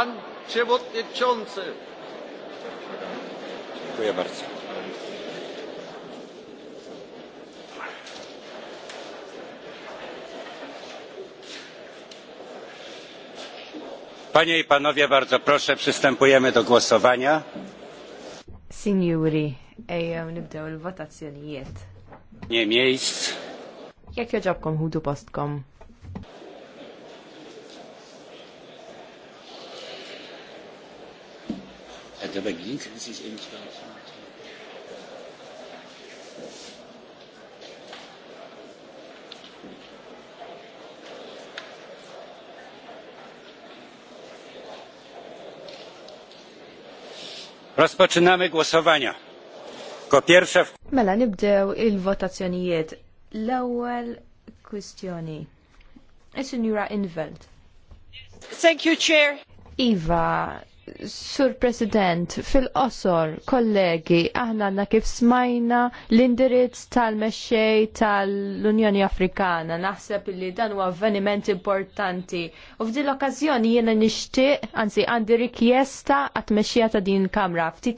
Pan Przewodniczący. Dziękuję bardzo. Panie i panowie, bardzo proszę, przystępujemy do głosowania. Signori, ejjew nibdew il-votazzjonijiet. Nie miejsc. Jekk joġobkom ħudu postkom. at the beginning. This is in Rozpoczynamy głosowania. Ko pierwsza... Mela nibdew il-votazzjonijiet. L-ewwel kwistjoni. Is-Sinjura Inveld. Thank you, Chair. Iva, Sur President, fil-qosor, kollegi, aħna għanna kif smajna l-indirizz tal-mexxej tal-Unjoni Afrikana. Naħseb li dan huwa avveniment importanti. U f'din l-okkażjoni jiena nixtieq, anzi għandi rikjesta għat mexxija ta' din kamra. Ftit